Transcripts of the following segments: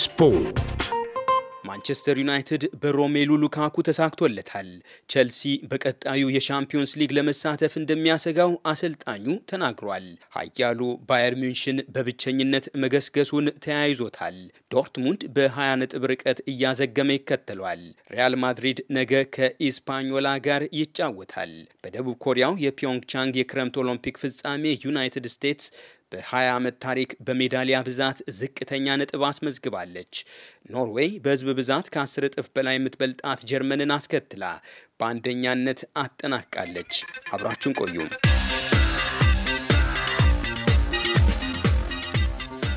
ስፖርት ማንቸስተር ዩናይትድ በሮሜሉ ሉካኩ ተሳክቶለታል። ቸልሲ በቀጣዩ የሻምፒዮንስ ሊግ ለመሳተፍ እንደሚያሰጋው አሰልጣኙ ተናግሯል። ኃያሉ ባየር ሚንሽን በብቸኝነት መገስገሱን ተያይዞታል። ዶርትሙንድ በ20 ነጥብ ርቀት እያዘገመ ይከተሏል። ሪያል ማድሪድ ነገ ከኢስፓኞላ ጋር ይጫወታል። በደቡብ ኮሪያው የፒዮንግቻንግ የክረምት ኦሎምፒክ ፍጻሜ ዩናይትድ ስቴትስ በ20 ዓመት ታሪክ በሜዳሊያ ብዛት ዝቅተኛ ነጥብ አስመዝግባለች። ኖርዌይ በህዝብ ብዛት ከ10 እጥፍ በላይ የምትበልጣት ጀርመንን አስከትላ በአንደኛነት አጠናቃለች። አብራችን ቆዩም።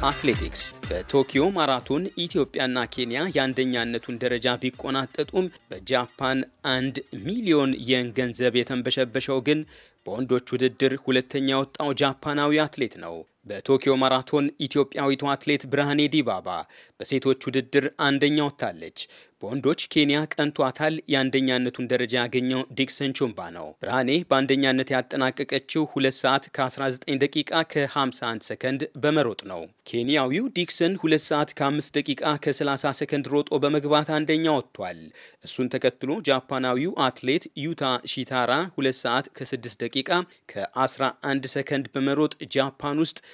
አትሌቲክስ በቶኪዮ ማራቶን ኢትዮጵያና ኬንያ የአንደኛነቱን ደረጃ ቢቆናጠጡም በጃፓን አንድ ሚሊዮን የን ገንዘብ የተንበሸበሸው ግን በወንዶች ውድድር ሁለተኛ የወጣው ጃፓናዊ አትሌት ነው። በቶኪዮ ማራቶን ኢትዮጵያዊቷ አትሌት ብርሃኔ ዲባባ በሴቶች ውድድር አንደኛ ወጥታለች። በወንዶች ኬንያ ቀንቷታል። የአንደኛነቱን ደረጃ ያገኘው ዲክሰን ቹምባ ነው። ብርሃኔ በአንደኛነት ያጠናቀቀችው 2 ሰዓት ከ19 ደቂቃ ከ51 ሰከንድ በመሮጥ ነው። ኬንያዊው ዲክሰን 2 ሰዓት ከ5 ደቂቃ ከ30 ሰከንድ ሮጦ በመግባት አንደኛ ወጥቷል። እሱን ተከትሎ ጃፓናዊው አትሌት ዩታ ሺታራ 2 ሰዓት ከ6 ደቂቃ ከ11 ሰከንድ በመሮጥ ጃፓን ውስጥ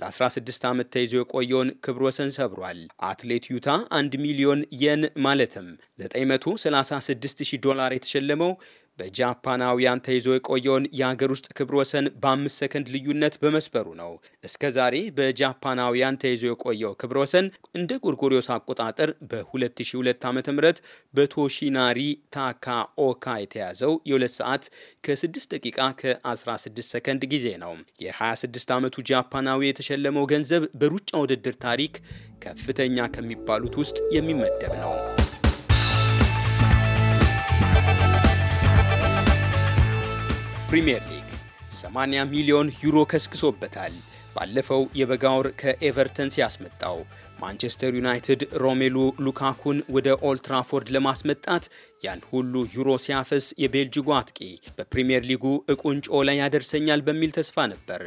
ለ16 ዓመት ተይዞ የቆየውን ክብረ ወሰን ሰብሯል። አትሌት ዩታ 1 ሚሊዮን የን ማለትም 936 ሺህ ዶላር የተሸለመው በጃፓናውያን ተይዞ የቆየውን የአገር ውስጥ ክብረ ወሰን በአምስት ሰከንድ ልዩነት በመስበሩ ነው። እስከ ዛሬ በጃፓናውያን ተይዞ የቆየው ክብረ ወሰን እንደ ጎርጎሪዮስ አቆጣጠር በ2002 ዓ ም በቶሺናሪ ታካኦካ የተያዘው የ2 ሰዓት ከ6 ደቂቃ ከ16 ሰከንድ ጊዜ ነው። የ26 ዓመቱ ጃፓናዊ የተሸለመው ገንዘብ በሩጫ ውድድር ታሪክ ከፍተኛ ከሚባሉት ውስጥ የሚመደብ ነው። ፕሪምየር ሊግ 80 ሚሊዮን ዩሮ ከስክሶበታል። ባለፈው የበጋ ወር ከኤቨርተን ሲያስመጣው ማንቸስተር ዩናይትድ ሮሜሉ ሉካኩን ወደ ኦልትራፎርድ ለማስመጣት ያን ሁሉ ዩሮ ሲያፈስ የቤልጅጉ አጥቂ በፕሪምየር ሊጉ እቁንጮ ላይ ያደርሰኛል በሚል ተስፋ ነበር።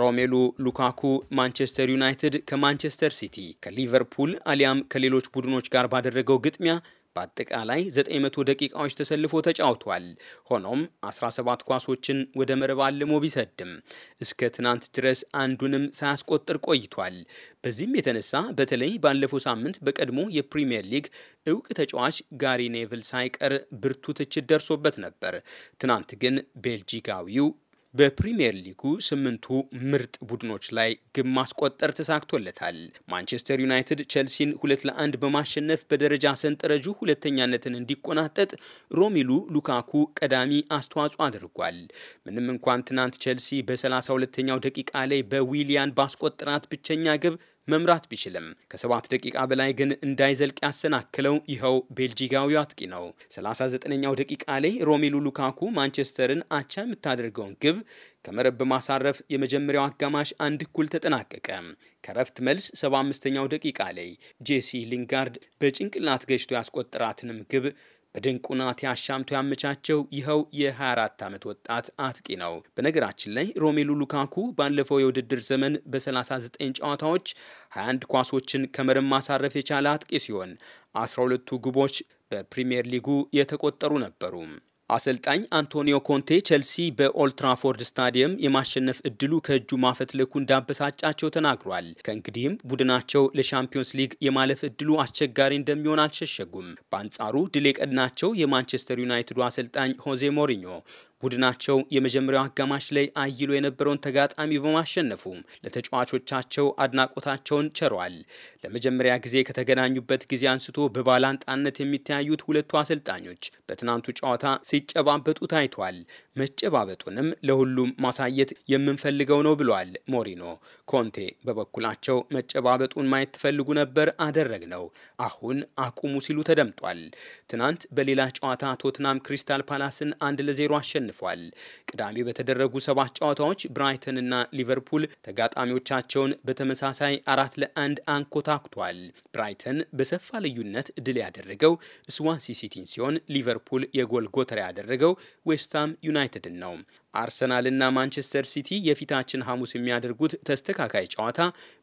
ሮሜሉ ሉካኩ ማንቸስተር ዩናይትድ ከማንቸስተር ሲቲ፣ ከሊቨርፑል አሊያም ከሌሎች ቡድኖች ጋር ባደረገው ግጥሚያ በአጠቃላይ 900 ደቂቃዎች ተሰልፎ ተጫውቷል። ሆኖም 17 ኳሶችን ወደ መረብ አልሞ ቢሰድም እስከ ትናንት ድረስ አንዱንም ሳያስቆጥር ቆይቷል። በዚህም የተነሳ በተለይ ባለፈው ሳምንት በቀድሞ የፕሪምየር ሊግ እውቅ ተጫዋች ጋሪ ኔቭል ሳይቀር ብርቱ ትችት ደርሶበት ነበር። ትናንት ግን ቤልጂካዊው በፕሪምየር ሊጉ ስምንቱ ምርጥ ቡድኖች ላይ ግብ ማስቆጠር ተሳክቶለታል። ማንቸስተር ዩናይትድ ቸልሲን ሁለት ለአንድ በማሸነፍ በደረጃ ሰንጠረዡ ሁለተኛነትን እንዲቆናጠጥ ሮሚሉ ሉካኩ ቀዳሚ አስተዋጽኦ አድርጓል። ምንም እንኳን ትናንት ቼልሲ በ32ኛው ደቂቃ ላይ በዊሊያን ባስቆጠራት ብቸኛ ግብ መምራት ቢችልም ከሰባት ደቂቃ በላይ ግን እንዳይዘልቅ ያሰናክለው ይኸው ቤልጂካዊው አጥቂ ነው። 39ኛው ደቂቃ ላይ ሮሜሉ ሉካኩ ማንቸስተርን አቻ የምታደርገውን ግብ ከመረብ በማሳረፍ የመጀመሪያው አጋማሽ አንድ እኩል ተጠናቀቀ። ከረፍት መልስ 75ኛው ደቂቃ ላይ ጄሲ ሊንጋርድ በጭንቅላት ገጭቶ ያስቆጠራትንም ግብ በድንቁናት ያሻምቶ ያመቻቸው ይኸው የ24 ዓመት ወጣት አጥቂ ነው። በነገራችን ላይ ሮሜሉ ሉካኩ ባለፈው የውድድር ዘመን በ39 ጨዋታዎች 21 ኳሶችን ከመረብ ማሳረፍ የቻለ አጥቂ ሲሆን 12ቱ ግቦች በፕሪምየር ሊጉ የተቆጠሩ ነበሩ። አሰልጣኝ አንቶኒዮ ኮንቴ ቼልሲ በኦልትራፎርድ ስታዲየም የማሸነፍ እድሉ ከእጁ ማፈትለኩ እንዳበሳጫቸው ተናግሯል። ከእንግዲህም ቡድናቸው ለሻምፒዮንስ ሊግ የማለፍ እድሉ አስቸጋሪ እንደሚሆን አልሸሸጉም። በአንጻሩ ድል የቀናቸው የማንቸስተር ዩናይትዱ አሰልጣኝ ሆዜ ሞሪኞ ቡድናቸው የመጀመሪያው አጋማሽ ላይ አይሎ የነበረውን ተጋጣሚ በማሸነፉ ለተጫዋቾቻቸው አድናቆታቸውን ቸሯል። ለመጀመሪያ ጊዜ ከተገናኙበት ጊዜ አንስቶ በባላንጣነት የሚተያዩት ሁለቱ አሰልጣኞች በትናንቱ ጨዋታ ሲጨባበጡ ታይቷል። መጨባበጡንም ለሁሉም ማሳየት የምንፈልገው ነው ብሏል ሞሪኖ። ኮንቴ በበኩላቸው መጨባበጡን ማየት ትፈልጉ ነበር፣ ነው። አሁን አቁሙ ሲሉ ተደምጧል። ትናንት በሌላ ጨዋታ ቶትናም ክሪስታል ፓላስን አንድ ለዜሮ አሸንፏል። ቅዳሜ በተደረጉ ሰባት ጨዋታዎች ብራይተን እና ሊቨርፑል ተጋጣሚዎቻቸውን በተመሳሳይ አራት ለአንድ አንኮታኩቷል። ብራይተን በሰፋ ልዩነት ድል ያደረገው ስዋንሲ ሲቲን ሲሆን ሊቨርፑል የጎል ጎተራ ያደረገው ዌስትሃም ዩናይትድ ዩናይትድን ነው። አርሰናልና ማንቸስተር ሲቲ የፊታችን ሐሙስ የሚያደርጉት ተስተካካይ ጨዋታ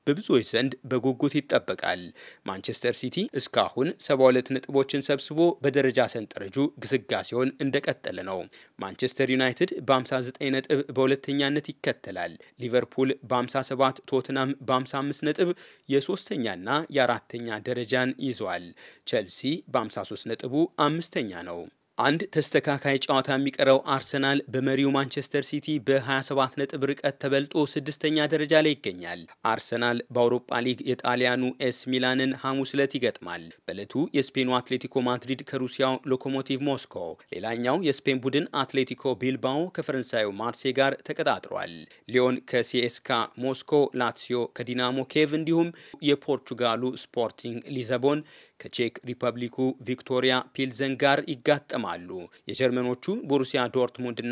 በብዙዎች ዘንድ በጉጉት ይጠበቃል። ማንቸስተር ሲቲ እስካሁን 72 ነጥቦችን ሰብስቦ በደረጃ ሰንጠረጁ ግስጋሴውን እንደቀጠለ ነው። ማንቸስተር ዩናይትድ በ59 ነጥብ በሁለተኛነት ይከተላል። ሊቨርፑል በ57፣ ቶትናም በ55 ነጥብ የሶስተኛና የአራተኛ ደረጃን ይዟል። ቸልሲ በ53 ነጥቡ አምስተኛ ነው። አንድ ተስተካካይ ጨዋታ የሚቀረው አርሰናል በመሪው ማንቸስተር ሲቲ በ27 ነጥብ ርቀት ተበልጦ ስድስተኛ ደረጃ ላይ ይገኛል። አርሰናል በአውሮፓ ሊግ የጣሊያኑ ኤስ ሚላንን ሐሙስ ዕለት ይገጥማል። በዕለቱ የስፔኑ አትሌቲኮ ማድሪድ ከሩሲያው ሎኮሞቲቭ ሞስኮ፣ ሌላኛው የስፔን ቡድን አትሌቲኮ ቢልባኦ ከፈረንሳዩ ማርሴ ጋር ተቀጣጥሯል። ሊዮን ከሲኤስካ ሞስኮ፣ ላትሲዮ ከዲናሞ ኬቭ እንዲሁም የፖርቹጋሉ ስፖርቲንግ ሊዘቦን ከቼክ ሪፐብሊኩ ቪክቶሪያ ፒልዘን ጋር ይጋጠማሉ። የጀርመኖቹ ቦሩሲያ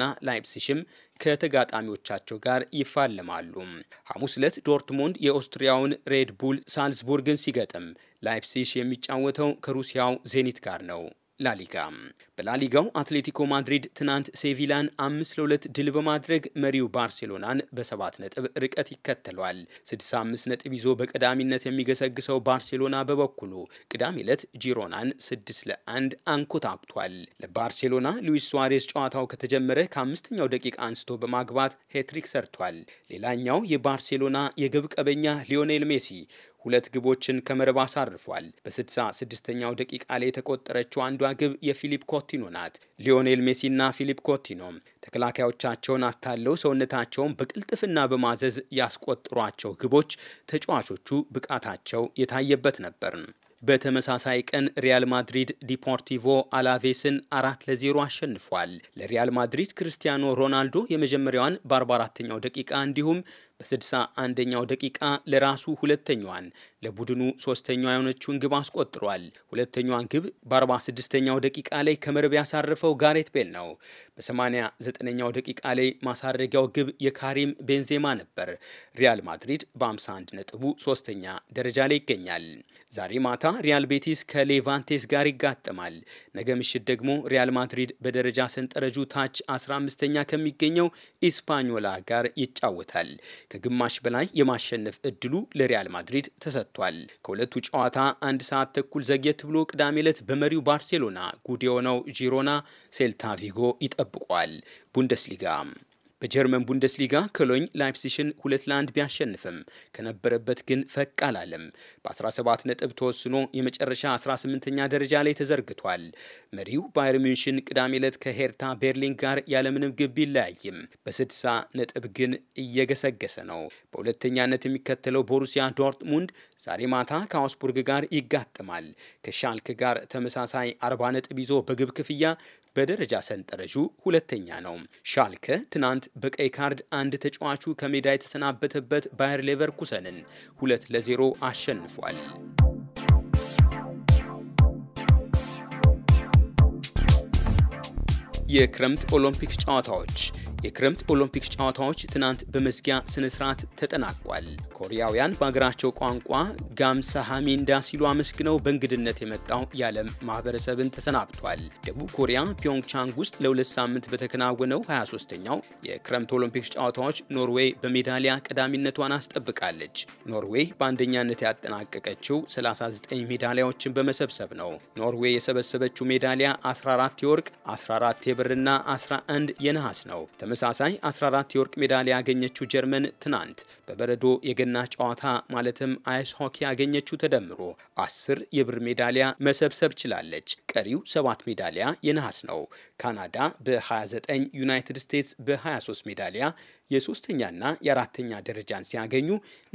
ና ላይፕሲሽም ከተጋጣሚዎቻቸው ጋር ይፋለማሉ። ሐሙስ ዕለት ዶርትሙንድ የኦስትሪያውን ሬድቡል ቡል ሳልዝቡርግን ሲገጥም ላይፕሲሽ የሚጫወተው ከሩሲያው ዜኒት ጋር ነው። ላሊጋ በላሊጋው አትሌቲኮ ማድሪድ ትናንት ሴቪላን አምስት ለሁለት ድል በማድረግ መሪው ባርሴሎናን በሰባት ነጥብ ርቀት ይከተሏል። 65 ነጥብ ይዞ በቀዳሚነት የሚገሰግሰው ባርሴሎና በበኩሉ ቅዳሜ ዕለት ጂሮናን 6 ለአንድ አንኮታክቷል። ለባርሴሎና ሉዊስ ሱዋሬስ ጨዋታው ከተጀመረ ከአምስተኛው ደቂቃ አንስቶ በማግባት ሄትሪክ ሰርቷል። ሌላኛው የባርሴሎና የግብ ቀበኛ ሊዮኔል ሜሲ ሁለት ግቦችን ከመረብ አሳርፏል። በ66ኛው ደቂቃ ላይ የተቆጠረችው አንዷ ግብ የፊሊፕ ኮቲኖ ናት። ሊዮኔል ሜሲና ፊሊፕ ኮቲኖ ተከላካዮቻቸውን አታለው ሰውነታቸውን በቅልጥፍና በማዘዝ ያስቆጠሯቸው ግቦች ተጫዋቾቹ ብቃታቸው የታየበት ነበር። በተመሳሳይ ቀን ሪያል ማድሪድ ዲፖርቲቮ አላቬስን አራት ለዜሮ አሸንፏል። ለሪያል ማድሪድ ክርስቲያኖ ሮናልዶ የመጀመሪያዋን በ44ኛው ደቂቃ እንዲሁም በ61ኛው ደቂቃ ለራሱ ሁለተኛዋን ለቡድኑ ሶስተኛዋ የሆነችውን ግብ አስቆጥሯል። ሁለተኛዋን ግብ በ46ኛው ደቂቃ ላይ ከመርብ ያሳረፈው ጋሬት ቤል ነው። በ89 በ ኛው ደቂቃ ላይ ማሳረጊያው ግብ የካሪም ቤንዜማ ነበር። ሪያል ማድሪድ በ51 ነጥቡ ሶስተኛ ደረጃ ላይ ይገኛል። ዛሬ ማታ ሪያል ቤቲስ ከሌቫንቴስ ጋር ይጋጠማል። ነገ ምሽት ደግሞ ሪያል ማድሪድ በደረጃ ሰንጠረጁ ታች 15ኛ ከሚገኘው ኢስፓኞላ ጋር ይጫወታል። ከግማሽ በላይ የማሸነፍ እድሉ ለሪያል ማድሪድ ተሰጥቷል። ከሁለቱ ጨዋታ አንድ ሰዓት ተኩል ዘግየት ብሎ ቅዳሜ ዕለት በመሪው ባርሴሎና ጉድ የሆነው ጂሮና ሴልታ ቪጎ ይጠብቋል። Bundesliga. በጀርመን ቡንደስሊጋ ኮሎኝ ላይፕሲሽን ሁለት ለአንድ ቢያሸንፍም ከነበረበት ግን ፈቅ አላለም። በ17 ነጥብ ተወስኖ የመጨረሻ 18ኛ ደረጃ ላይ ተዘርግቷል። መሪው ባየር ሚንሽን ቅዳሜ ዕለት ከሄርታ ቤርሊን ጋር ያለምንም ግብ ቢለያይም በ60 ነጥብ ግን እየገሰገሰ ነው። በሁለተኛነት የሚከተለው ቦሩሲያ ዶርትሙንድ ዛሬ ማታ ከአውስቡርግ ጋር ይጋጥማል። ከሻልክ ጋር ተመሳሳይ 40 ነጥብ ይዞ በግብ ክፍያ በደረጃ ሰንጠረዡ ሁለተኛ ነው። ሻልከ ትናንት በቀይ ካርድ አንድ ተጫዋቹ ከሜዳ የተሰናበተበት ባየር ሌቨርኩሰንን ሁለት ለዜሮ አሸንፏል። የክረምት ኦሎምፒክ ጨዋታዎች የክረምት ኦሎምፒክስ ጨዋታዎች ትናንት በመዝጊያ ስነ ስርዓት ተጠናቋል። ኮሪያውያን በሀገራቸው ቋንቋ ጋምሳ ሃሜንዳ ሲሉ አመስግነው በእንግድነት የመጣው የዓለም ማህበረሰብን ተሰናብቷል። ደቡብ ኮሪያ ፒዮንግቻንግ ውስጥ ለሁለት ሳምንት በተከናወነው 23ኛው የክረምት ኦሎምፒክስ ጨዋታዎች ኖርዌይ በሜዳሊያ ቀዳሚነቷን አስጠብቃለች። ኖርዌይ በአንደኛነት ያጠናቀቀችው 39 ሜዳሊያዎችን በመሰብሰብ ነው። ኖርዌይ የሰበሰበችው ሜዳሊያ 14 የወርቅ፣ 14 የብርና 11 የነሐስ ነው። በተመሳሳይ 14 የወርቅ ሜዳሊያ ያገኘችው ጀርመን ትናንት በበረዶ የገና ጨዋታ ማለትም አይስ ሆኪ ያገኘችው ተደምሮ አስር የብር ሜዳሊያ መሰብሰብ ችላለች። ቀሪው ሰባት ሜዳሊያ የነሐስ ነው። ካናዳ በ29 ዩናይትድ ስቴትስ በ23 ሜዳሊያ የሶስተኛና የአራተኛ ደረጃን ሲያገኙ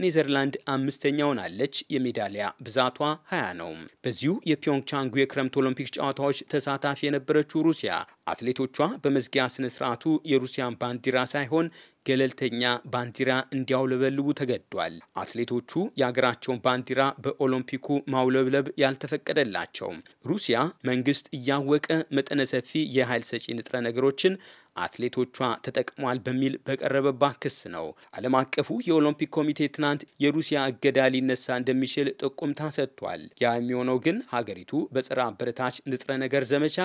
ኔዘርላንድ አምስተኛ ሆናለች። የሜዳሊያ ብዛቷ ሀያ ነው። በዚሁ የፒዮንግቻንጉ የክረምት ኦሎምፒክ ጨዋታዎች ተሳታፊ የነበረችው ሩሲያ አትሌቶቿ በመዝጊያ ስነ ስርዓቱ የሩሲያን ባንዲራ ሳይሆን ገለልተኛ ባንዲራ እንዲያውለበልቡ ተገዷል። አትሌቶቹ የሀገራቸውን ባንዲራ በኦሎምፒኩ ማውለብለብ ያልተፈቀደላቸው ሩሲያ መንግስት እያወቀ መጠነ ሰፊ የኃይል ሰጪ ንጥረ ነገሮችን አትሌቶቿ ተጠቅሟል በሚል በቀረበባት ክስ ነው። ዓለም አቀፉ የኦሎምፒክ ኮሚቴ ትናንት የሩሲያ እገዳ ሊነሳ እንደሚችል ጥቁምታ ሰጥቷል። ያ የሚሆነው ግን ሀገሪቱ በጸረ አበረታች ንጥረ ነገር ዘመቻ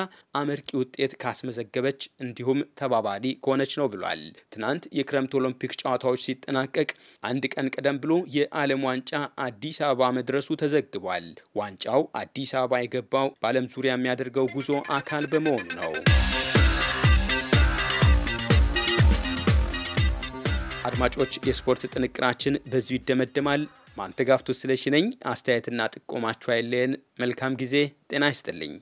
አመርቂ ውጤት ካስመዘገበች እንዲሁም ተባባሪ ከሆነች ነው ብሏል። ትናንት የክረምት ኦሎምፒክ ጨዋታዎች ሲጠናቀቅ አንድ ቀን ቀደም ብሎ የዓለም ዋንጫ አዲስ አበባ መድረሱ ተዘግቧል። ዋንጫው አዲስ አበባ የገባው በዓለም ዙሪያ የሚያደርገው ጉዞ አካል በመሆኑ ነው። አድማጮች፣ የስፖርት ጥንቅራችን በዚሁ ይደመደማል። ማንተጋፍቶ ስለሽነኝ አስተያየትና ጥቆማችሁ አይለየን። መልካም ጊዜ። ጤና ይስጥልኝ።